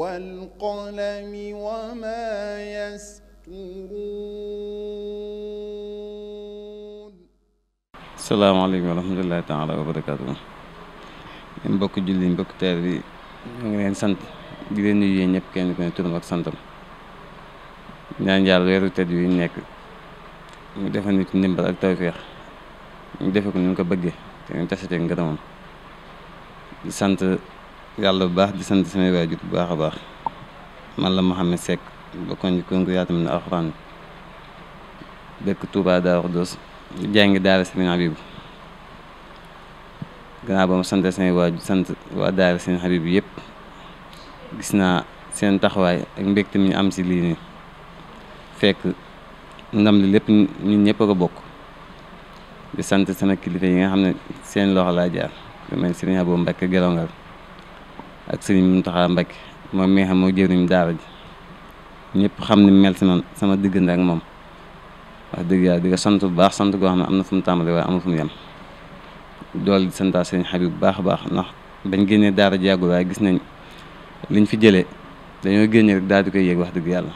والقلم وما يسطرون salaamaaleykum wa rahmatullahi taala wa barakaatu julli mbokk teer bi ñu ngi leen sant di ñëpp kenn ku ne turam ak santam ñaan yàlla weeru tedd yu nekk mu defal nit ndimbal ak tawfeex ñu defe ko ni ñu ko bëggee te ñu tasatee ngërëmam di sant yàlla bu baax di sant samay waajur bu baax a baax man la mu Seck ne ci konku yaatam na alxuraan dëkk Touba Daaru gannaaw ba ma sant samay waajur sant waa daara Sëriñ Habib yépp gis naa seen taxawaay ak mbégte mi ñu am si lii nii fekk ndam li lépp ñun ñëpp a ko bokk di sant sama kilifa yi nga xam ne seen loxo laa jaar lu mel Sëriñ Abo Mbacke Gelongal ak sëriñ Mountakha Mbacké moom mi nga moo mooy jëriñ daara ji ñëpp xam ni mel si man sama diggante ak moom wax dëgg yàlla di ko sant bu baax sant goo xam ne am na fu mu tàmbali waaye amul fu mu dool di santaa sëriñ Habib bu baax a baax nax bañ génnee daara ji yàggul waaye gis nañ liñ fi jëlee dañoo génne daal di koy yéeg wax dëgg yàlla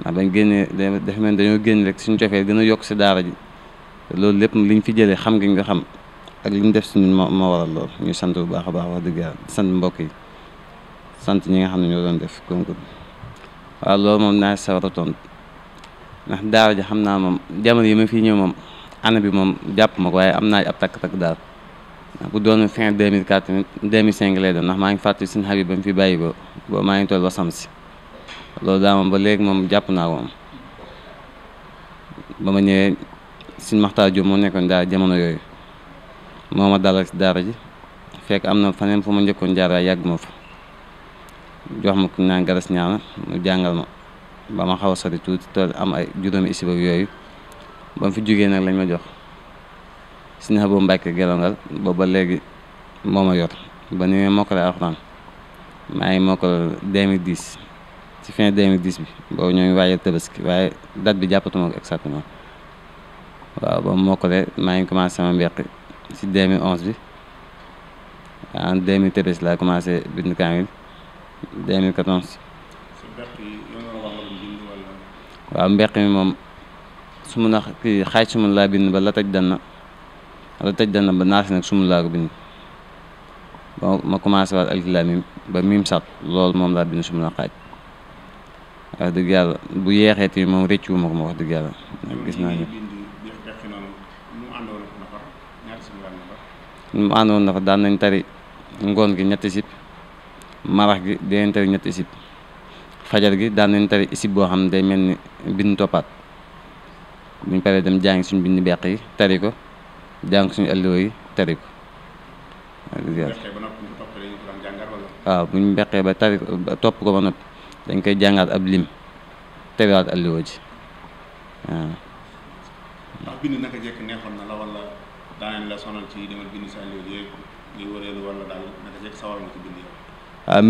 ndax bañ génnee dafa mel dañoo génn rek suñu cofee gën a yokk si daara ji loolu lépp liñ fi jëlee xam nga nga xam ak li mu def si ñun moo moo waral lool ñuy sant bu baax a baax wax dëgg yàlla sant mbokk yi sant ñi nga xam ne ñoo doon def concours waaw loolu moom naa sawar a tontu ndax daaw ji xam naa moom jamono yi ma fii ñëw moom année bi moom jàpp ma waaye am naa ab takk-takk daal ndax bu doon fin 2004 tamit 2005 lay doon ndax maa ngi fàttali suñu xarit ba mu fi bàyyi ko boobu maa ngi toll wasam si loolu daa moom ba léegi moom jàpp naa ko moom ba ma ñëwee suñu maxtaar Jóob moo nekkoon daal jamono yooyu moo ma dalal si daara ji fekk am na faneen fu ma njëkkoon jaar waaye yàgg ma fa jox ma ku naan garas ñaana mu jàngal ma ba ma xaw a sori tuuti am ay juróomi isib ak yooyu ba mu fi jógee nag lañ ma jox si na boo Mbàkke gelongal booba léegi moo ma yor ba ni ma mokkale alxuraan maa ngi mokkal 2010 ci fin 2010 bi boobu ñoo waaye waajal waaye date bi jàppatuma ko exactement waaw ba mu mokkale maa ngi commencé sama mbeqi si 2011 bi en 2013 laa commencé bind kaamil 2014. waaw mbeq mi moom su ma nax kii xaaj su ma laa bind ba la tëj dana la tëj dana ba naas nag su ma laa ko bind ma commencé waat alif laam miim ba miim sax loolu moom laa bind su ma la xaaj wax dëgg yàlla bu yeexee ti moom rëccu ma ko ma wax dëgg yàlla gis naa ni mu àndoon dafa daan nañ tari ngoon gi ñett sib marax gi dinañ tari ñetti sib fajar gi daan nañ tari isib boo xam ne day mel ni bind toppaat buñ pare dem jàngi suñ bind beq yi tari ko jàng suñu alluwa yi tari ko waaw bu ñu ba tari topp ko ba noppi dañ koy jàngaat ab lim tariwaat alluwa ci daanañ la sonal ci bind sa àlliwa yooyu ah,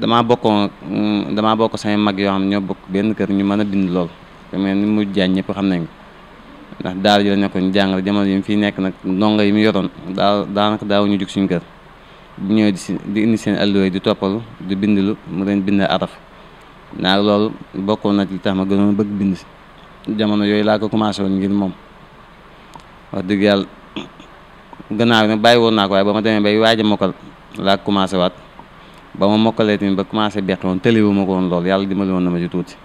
damaa bokkoon mm, damaa bokk samay mag yoo xam ñoo bokk benn kër ñu mën a bind lool mais ni mu jaañ ñëpp xam nañ ko ndax daara ji la nekkoon jàngale jamono yi mu nekk nag ndongo yi mu yoroon daa daanaka daaw ñu jug suñu kër bu di si di indi seen alluwa di toppalu di bindlu mu leen bind araf naa loolu bokkoon na ci li tax gënoon bëgg bind si yooyu laa ko commencé woon ngir moom wax dëgg yàlla gannaaw nag bàyyi woon naa ko waaye ba ma demee bay waaj a mokkal laa commencé waat ba ma mokkalee tamit ba commencé beqi woon tëliwu ma ko woon lool yàlla dimbali woon na ma ci tuuti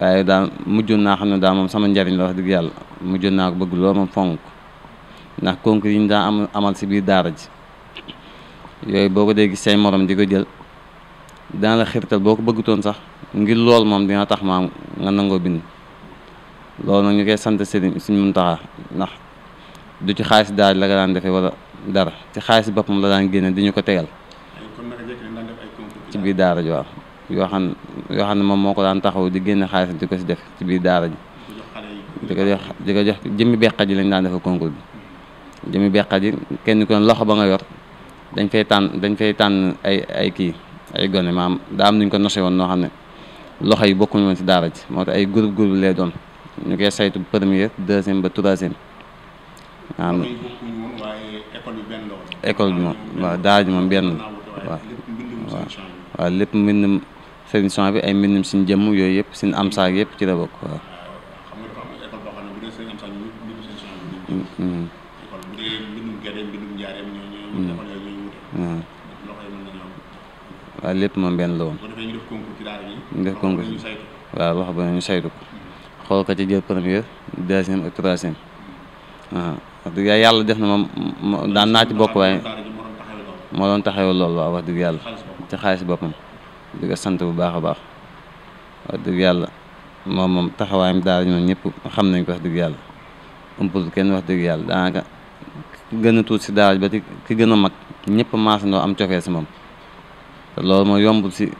waaye daal mujjoon naa xam ne daal moom sama njariñ la wax dëgg yàlla mujjoon naa ko bëgg lool moom fonk ndax concours yi ñu am amal si biir daara ji yooyu boo ko dee gis say morom di ko jël daan la xirtal boo ko bëggutoon sax ngir lool moom dina tax maam nga nangoo bind loolu nag ñu koy sant Serigne Serigne Mountakha ndax du ci xaalis daal la nga daan defee wala dara ci xaalis boppam la daan génne di ñu ko tegal ci biir daara ji waaw yoo xam yoo xam ne moom moo ko daan taxaw di génne xaalis di ko si def ci biir daara ji di ko jox di ko jox jëmmi beqat ji lañ daan defee concours bi jëmmi beqat ji kenn ku loxo ba nga yor dañ fay tànn dañ fay tànn ay ay kii ay gone maam daa am nuñ ko nose woon noo xam ne loxo yi bokkuñu woon si daara ji moo tax ay groupe groupe lay doon ñu koy saytu première deuxième ba troisième. am na école bi moom waaw daara la waaw lépp mbindum sëriñ son bi ay mbindum suñ jëmm yooyu yëpp si am saag yëpp ci la bokk waaw. lépp moom benn la woon. ñu def concours waaw wax ba ñu saytu ko. xool ko ci jël première wax dëgg yàlla yàlla def na ma daa naa ci bokk waaye moo doon taxawal loolu waaw wax dëgg yàlla ci xaalis boppam di ko sant bu baax a baax dëgg yàlla moom moom taxawaayam daal ñëpp xam nañ ko dëgg yàlla kenn wax dëgg yàlla daanaka si daara ki gën mag ñëpp am cofee moom te loolu moo yombul si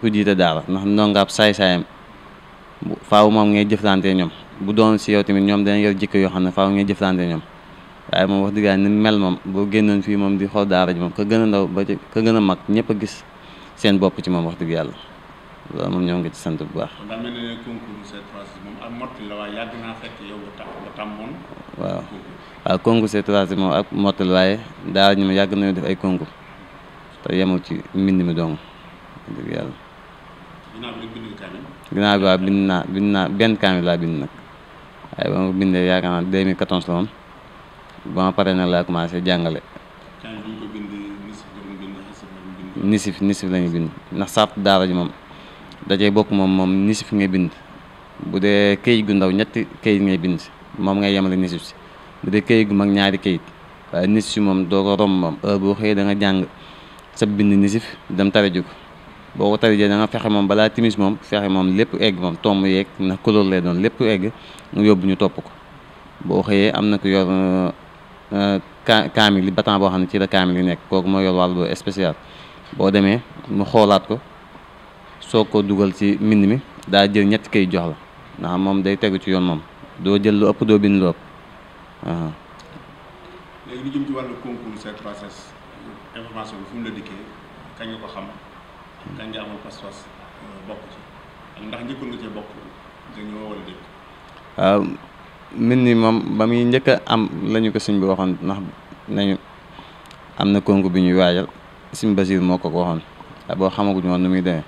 ku jiite daara ndax ndongaab saay-saayam faaw moom ngay jëflante ñoom bu doon si yow tamit ñoom dana yor jikko yoo xam ne faaw ngay jëflante ñoom waaye moom wax dëgg ni mel moom boo génnoon fii moom di xool daara ji moom ka gën a ba ci ka gën a mag ñëpp a gis seen bopp ci moom wax dëgg yàlla loolu ñoo ngi ci sant bu baax. ak mot la waaye yàgg moom yàgg nañu def ay concours te yemul ci mbind mi dong dëgg yàlla. ginnaaw bi waaw bind naa bind naa benn kaamil laa bind nag waaye ba ma bindee yaakaar naa 2014 la woon ba ma paree nag laa commencé jàngale. nisif nisif la bind ndax sàpp daara ji moom dajee bokk moom moom nisif ngay bind bu dee këyit gu ndaw ñetti këyit ngay bind moom ngay yemale nisif si bu dee këyit gu mag ñaari këyit waaye nisif si moom doo ko romb moom boo xëyee da jàng sa bind nisif dem tare ji ko boo ko tarijee da nga fexe moom balaa timis moom fexe moom lépp egg moom tomb yeeg na couleur lay doon lépp egg mu yóbbu ñu topp ko boo xëyee am na ko yor euh, ka kaamil li batan boo xam ne ci la kaamil yi nekk kooku moo yor wàllu spécial boo demee mu xoolaat ko soo ko dugal ci mbind mi daa jël ñett kay jox la ndax moom day tegu ci yoon moom doo jël lu ëpp doo bind lu ëpp bi fu Euh, da waaw mel ni moom ba muy njëkk am lañu ko sëñ bi waxoon ndax nañu am na concours bi ñuy waajal sëñ Basiir moo ko ko waxoon ah, boo xamaguñu woon nu muy demee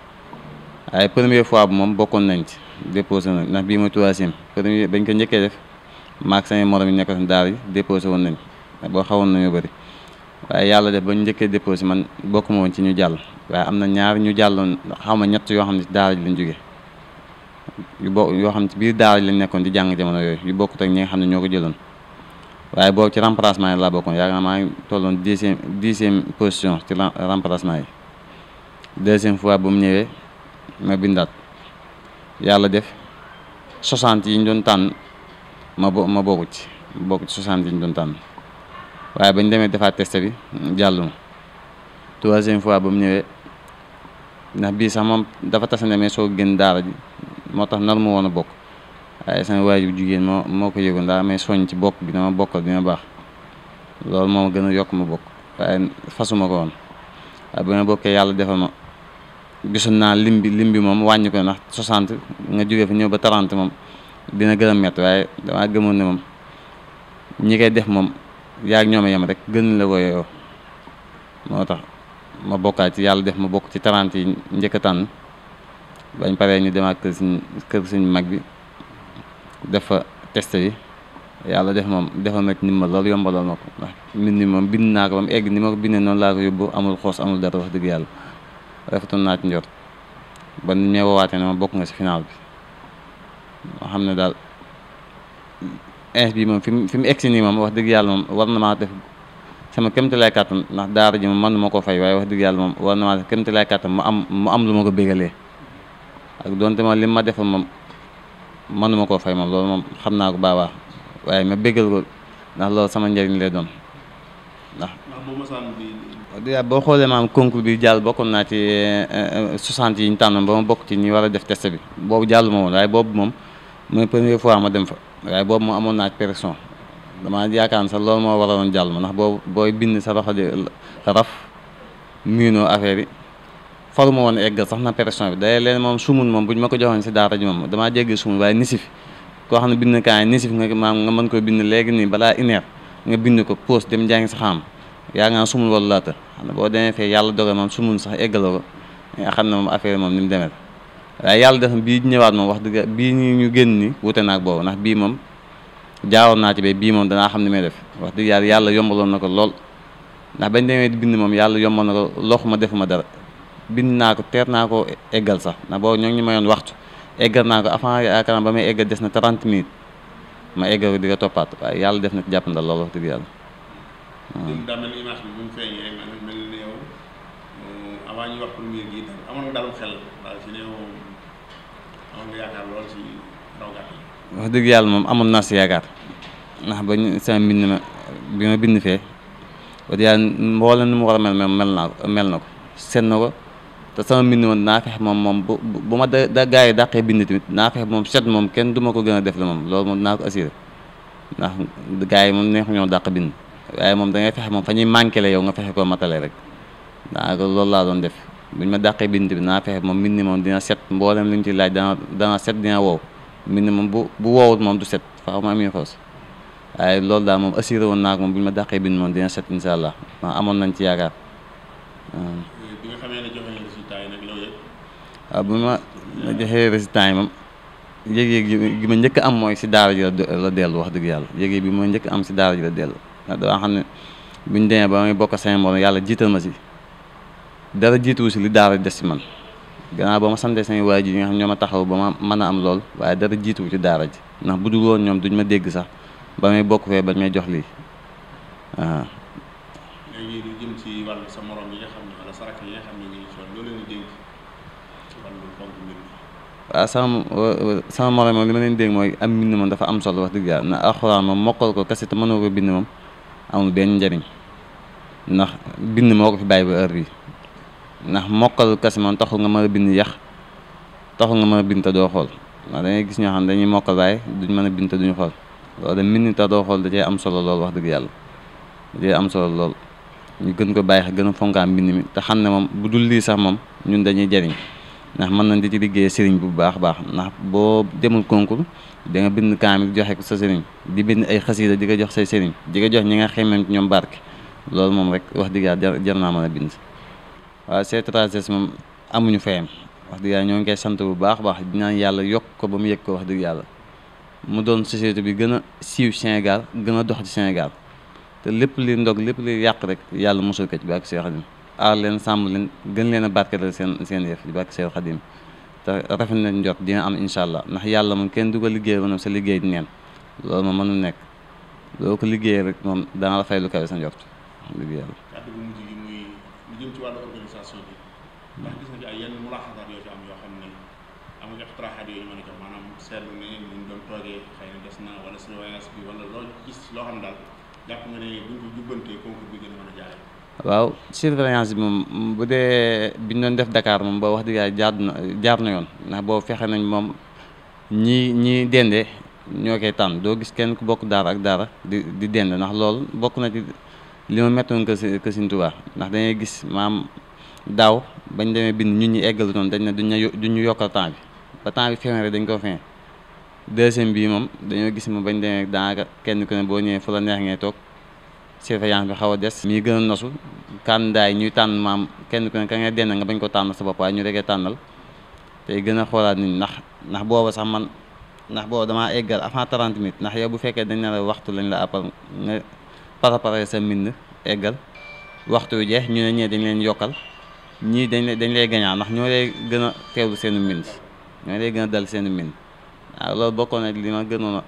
waaye première fois bu moom bokkoon nañ ci déposé nañ ndax bii mooy troisième premier bañ ko njëkkee def maak samay morom yi nekk daal yi déposé woon nañ ah, boo xawoon nañu bari waaye yàlla def ba ñu njëkkee déposé man bokkuma woon ci ñu jàll waaye am na ñaar ñu jàlloon xam ma ñett yoo xam ne ci daara ji lañ jóge yu bokk yoo xam ne ci biir daara ji lañ nekkoon di jàng jamono yooyu yu bokkut ak ñi nga xam ne ñoo ko jëloon waaye boobu ci remplacement yi laa bokkoon yaakaar naa maa ngi tolloon dixième dixième position ci remplacement yi deuxième fois bu mu ñëwee ma bindaat yàlla def soixante yi ñu doon tànn ma bo ma bokku ci bokk ci soixante yi ñu doon tànn. waaye bañ demee defaat test bi jàll ma troisième fois ba mu ñëwee ndax bii sax moom dafa ne mais soo génn daara ji moo tax nar moo woon a bokk waaye sama waajur jigéen moo moo ko yëgoon daa may soññ ci bokk bi dama bokkal dina baax loolu moom gën a yokk ma bokk waaye fasuma ko woon waaye yàlla defal ma gisoon naa lim bi lim bi moom wàññi ko ndax 60 nga jógee fa ñëw ba tarant moom dina gën a waaye damaa gëmoon ne moom ñi koy def moom yaa ngi ñoom yem rek gën la woyoo moo tax ma bokkaat ci yàlla def ma bokk ci tarant yi njëkk a tànn bañ paree ñu demaat kër suñ kër mag bi def fa test yi yàlla def moom defal ma ci ndimbal loolu yombalal ma ko ndax mbind moom bind naa ko ba mu egg ni ma ko bindee noonu laa ko yóbbu amul xoos amul dara wax dëgg yàlla rafetoon naa ci njort ba ni ñu may woowaatee ma bokk nga si final bi ma xam ne daal ins bi moom fi mu fi mu egsi nii moom wax dëgg yàlla moom war na maa def sama kéemtalaay kàttan ndax daara ji moom man koo ko fay waaye wax dëgg yàlla moom war na maa def kéemtalaay kàttan am mu am lu ma ko bégalee ak ma lim ma defal moom man koo fay moom loolu moom xam naa ko baabaa waaye ma bégal ko ndax loolu sama njëriñ lay doon boo xoolee maam concours bi bokkoon naa ci 60 eh, eh, yi ñu tànnoon ba ma ci ñi war a def test bi boobu jàll ma woon waaye boobu moom mooy première fois ma dem fa. waaye boobu mu amoon naaj pression damaa yaakaar sax loolu moo waraloon jàll ma ndax boobu booy bind sa loxo di raf miinoo affaire yi forme woon eggal sax na pression bi day leen moom sumun moom bu ñu ma ko joxoon si daara ji moom damaa jéggi sumun waaye nisif koo xam ne bind kaay nisif nga maam nga mën koo bind léegi nii balaa ineer nga bind ko pause dem jàngi sa xam yaa ngaa sumul wala laata xam ne boo demee fee yàlla dogal moom sumun sax eggaloo ko nga xam ne moom affaire moom ni mu demee waaye yàlla def na bii ñëwaat moom wax dëgg bii ñu génn ni wute naag boobu ndax bii moom jaawoon naa ci ba bii moom danaa xam ni may def wax dëgg yàlla yàlla yombaloon na ko lool ndax bañ demee bind moom yàlla yombal na ko loxuma defuma dara bind naa ko teer naa ko eggal sax ndax boobu ñoo ngi ñu mayoon waxtu eggal naa ko avant yaakaar ba may eggal des na 30 minutes ma eggal di ko toppaat waaye yàlla def na jàpp jàppandal lool wax dëgg yàlla. Euh, avant amoon dëgg yàlla moom amoon naa si yaakaar ndax ba ñu sama mbind ma bi ma bind fee wax dëgg yàlla mboolem mu war a mel mel naa mel na ko seet na ko te sama mbind ma naa fexe moom moom bu bu ma da da gaa yi bind tamit naa fexe moom set moom kenn duma ko gën a def la moom loolu moom naa ko assuré ndax gaa yi moom neexu ñoo dàq bind waaye moom da ngay fexe moom fa ñuy manqué la yow nga fexe koo matale rek. daanaka loolu laa doon def buñ ma dàqee bind bi naa fexe moom mbind mi moom dina set mboolem li ñu ci laaj dana dana set dina woow mbind moom bu bu woowut moom du set faaw ma amee fos waaye loolu daal moom assuré woon naa ko moom buñ ma dàqee bind moom dina set incha allah ma amoon nañ ci yaakaar. bi nga yi nag loolu yëpp. gi ah, ma njëkk am mooy si daara ji la dellu wax dëgg yàlla yëg bi ma njëkk am si daara ji la dellu ndax xam ne buñ demee ba may bokk seen moom yàlla jiital ma si. dara jiituwu si li daara des si man gannaaw ba ma santee samay waay ji yi nga xam ñoo ma taxaw ba ma mën a am lool waaye dara jiituwu ci daara ji ndax bu dul woon ñoom duñ ma dégg sax ba bokk fee bañ may jox lii waaw. sama sama morom moom li ma leen dégg mooy am mbind moom dafa am solo wax dëgg yàlla na alxuraan moom mokkal ko kese te mënoo ko bind moom amul benn njariñ ndax bind moo ko fi bàyyi ba heure bi ndax mokkal kese moom taxul nga mën a bind yax taxul nga mën a bind te doo xool ndax dangay gis ñoo xam dañuy mokkal waaye duñ mën a bind te duñu xool loolu de mbind te doo xool am solo lool wax dëgg yàlla da am solo lool ñu gën ko bàyyi xel gën a fonkaa mbind mi te xam ne moom bu dul lii sax moom ñun dañuy jariñ ndax mën nañ di ci liggéey sëriñ bu baax baax ndax boo demul concours da nga bind kaamil joxe sa sëriñ di bind ay xasiida di ko jox say sëriñ di ko jox ñi nga xemem ci ñoom barke loolu moom rek wax dëgg yàlla jar naa mën bind waaw C3S moom amuñu fayam wax dëgg yaa ñoo ngi koy sant bu baax baax dinaan yàlla yokk ko ba mu yëg ko wax dëgg yàlla mu doon société bi gën a siiw Sénégal gën a dox ci Sénégal te lépp li ndog lépp li yàq rek yàlla mosul ko ci bàkk Seex Xadim aar leen sàmm leen gën leen a barkeelal seen seen yëf ci bàkk Seex Xadim te rafet na njot dina am incha allah ndax yàlla moom kenn du ko liggéey woon sa liggéey neen loolu moom mënul nekk loo ko liggéeyee rek moom dana la sa njort des na wala surveillance bi wala waaw surveillance bi moom bu dee bi doon def dakaar moom boo wax dëgg yàlla jaar na yoon ndax boo fexe nañ moom ñii ñii dende ñoo koy tànn doo gis kenn ku bokk daara ak daara di di dende ndax lool bokk na ci li ma mettoon que si que ndax dangay gis maam daaw bañ demee bind ñun ñi eggalu noonu dañ ne duñ ñu yokkal temps bi ba temps bi feeñ dañ ko feeñ deuxième bii moom dañoo gis moom bañ demee daanaka kenn ku ne boo ñëwee fu la neex ngay toog surveillance bi xaw a des mii gën a nosu candidat yi ñuy tànn maam kenn ku ne ka ngay denn nga ko tànn sa bopp ñu rekee tànnal tey gën a xoolaat nit ndax ndax booba sax man ndax booba damaa eggal avant 30 minutes ndax yow bu fekkee dañ ne la waxtu lañ la appal nga para pare sa mbind eggal waxtu wi jeex ñu ne ñee dañ leen yokkal ñii dañ lay dañ lay gañaa ndax ñoo lay gën a teewlu seen mbind ñoo lay gën a dal seen mbind waaw loolu bokkoon na li ma gënoon a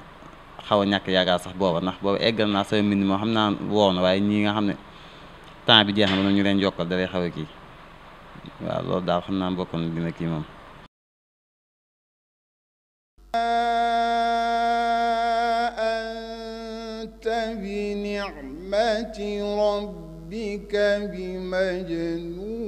xaw a ñàkk yaakaar sax booba ndax booba eggal naa sama mbind moo xam naa woo na waaye ñii nga xam ne temps bi jeex na ñu leen yokkal da lay xaw a kii waaw loolu daal xam naa bokkoon na dina kii moom anta bi ni'mati rabbika bi majnun